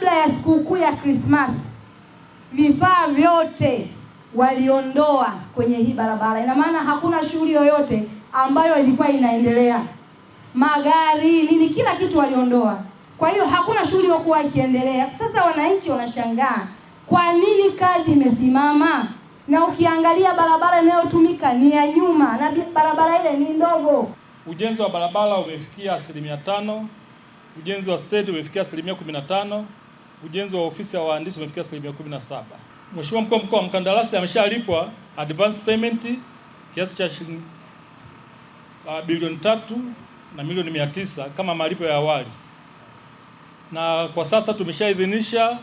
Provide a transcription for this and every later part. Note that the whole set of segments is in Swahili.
kabla ya sikukuu ya Krismasi vifaa vyote waliondoa kwenye hii barabara. Ina maana hakuna shughuli yoyote ambayo ilikuwa inaendelea, magari nini, kila kitu waliondoa. Kwa hiyo hakuna shughuli iliyokuwa ikiendelea. Sasa wananchi wanashangaa kwa nini kazi imesimama, na ukiangalia barabara inayotumika ni ya nyuma na barabara ile ni ndogo. Ujenzi wa barabara umefikia asilimia tano, ujenzi wa stendi umefikia asilimia kumi na tano ujenzi wa ofisi ya wahandisi umefikia asilimia 17. Mheshimiwa mkuu wa mkoa, mkandarasi ameshalipwa advance payment kiasi cha uh, bilioni tatu na milioni mia tisa kama malipo ya awali, na kwa sasa tumeshaidhinisha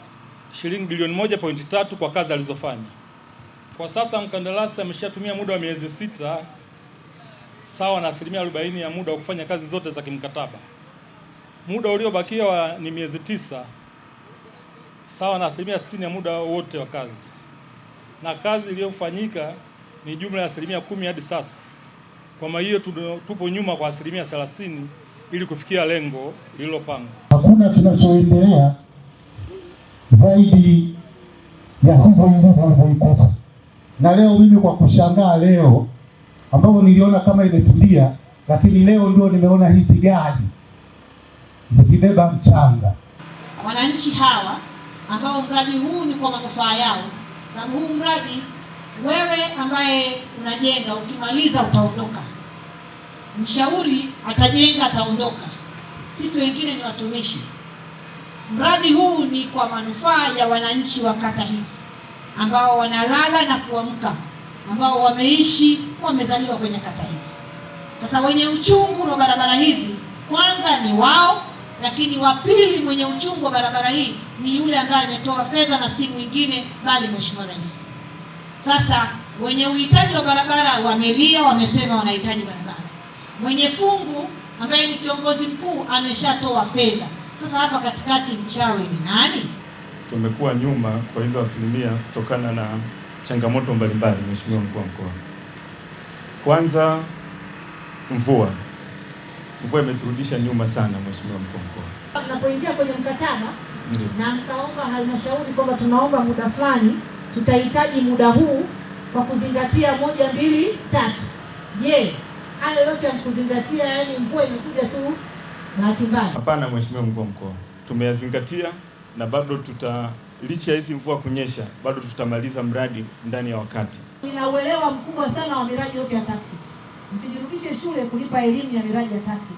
shilingi bilioni moja pointi tatu kwa kazi alizofanya. Kwa sasa mkandarasi ameshatumia muda wa miezi sita sawa na asilimia arobaini ya muda wa kufanya kazi zote za kimkataba. Muda uliobakia ni miezi tisa sawa na asilimia 60 ya muda wote wa kazi, na kazi iliyofanyika ni jumla ya asilimia kumi hadi sasa. Kwa maana hiyo tupo nyuma kwa asilimia 30 ili kufikia lengo lililopangwa. Hakuna kinachoendelea zaidi ya hivyo ilivyo ulivyoikuta, na leo mimi kwa kushangaa leo ambapo niliona kama imetulia, lakini leo ndio nimeona hizi gari zikibeba mchanga wananchi hawa ambao mradi huu ni kwa manufaa yao, sababu huu mradi wewe ambaye unajenga ukimaliza utaondoka, mshauri atajenga ataondoka, sisi wengine ni watumishi. Mradi huu ni kwa manufaa ya wananchi wa kata hizi ambao wanalala na kuamka, ambao wameishi wamezaliwa kwenye kata hizi. Sasa wenye uchungu wa barabara hizi kwanza ni wao lakini wa pili mwenye uchungu wa barabara hii ni yule ambaye ametoa fedha na si mwingine bali Mheshimiwa Rais. Sasa wenye uhitaji wa barabara wamelia, wamesema wanahitaji barabara. Mwenye fungu ambaye ni kiongozi mkuu ameshatoa fedha. Sasa hapa katikati mchawi ni nani? Tumekuwa nyuma kwa hizo asilimia kutokana na changamoto mbalimbali, Mheshimiwa mkuu wa mkoa. Kwanza mvua ilikuwa imeturudisha nyuma sana, mheshimiwa mkuu mkoa. Napoingia kwenye mkataba na mkaomba halmashauri kwamba tunaomba muda fulani, tutahitaji muda huu kwa kuzingatia moja, mbili, tatu. Je, hayo yote yamkuzingatia? Yaani mvua imekuja tu bahati mbaya? Hapana, mheshimiwa mkuu mkoa, tumeyazingatia na bado tuta licha hizi mvua kunyesha, bado tutamaliza mradi ndani ya wakati. Nina uelewa mkubwa sana wa miradi yote ya TACTIS msijirudishe shule kulipa elimu ya miradi ya tatu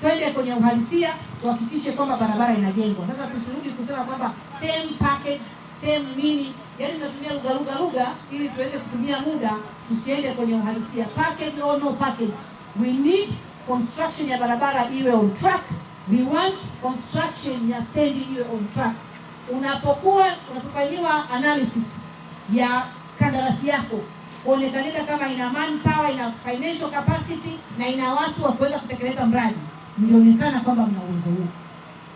Twende kwenye uhalisia, tuhakikishe kwamba barabara inajengwa. Sasa tusirudi kusema kwamba same package same nini, yaani tunatumia lugha lugha lugha ili tuweze kutumia muda, tusiende kwenye uhalisia. Package or no package, we need construction ya barabara iwe on track. We want construction ya stendi iwe on track. Unapokuwa unapofanyiwa analysis ya kandarasi yako kuonekanika kama ina manpower, ina financial capacity na ina watu wa kuweza kutekeleza mradi, mlionekana kwamba mna uwezo huo,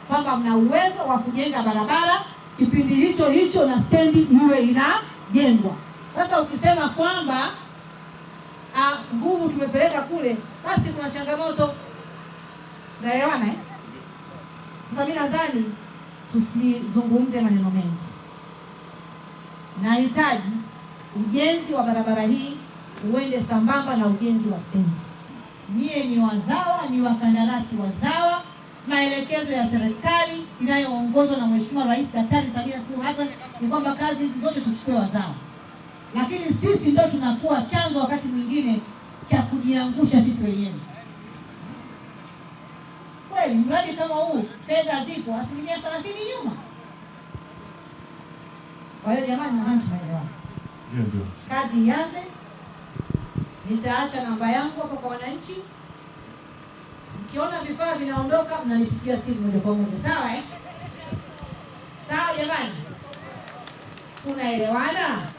kwamba mna uwezo wa kujenga barabara kipindi hicho hicho na stendi iwe inajengwa. Sasa ukisema kwamba ah, nguvu tumepeleka kule, basi kuna changamoto. Naelewana eh? Sasa mimi nadhani tusizungumze maneno mengi, nahitaji ujenzi wa barabara hii uende sambamba na ujenzi wa stendi. Nyie ni wazawa, ni wakandarasi wazawa. Maelekezo ya serikali inayoongozwa na Mheshimiwa Rais Daktari Samia Suluhu Hassan ni kwamba kazi hizi zote tuchukue wazawa, lakini sisi ndio tunakuwa chanzo wakati mwingine cha kujiangusha sisi wenyewe. Kweli mradi kama huu fedha zipo asilimia thelathini nyuma. Kwa hiyo jamani, nadhani tumeelewana kazi ianze. Nitaacha namba yangu hapo kwa wananchi, mkiona vifaa vinaondoka mnanipigia simu moja kwa moja, sawa eh? Sawa jamani, tunaelewana.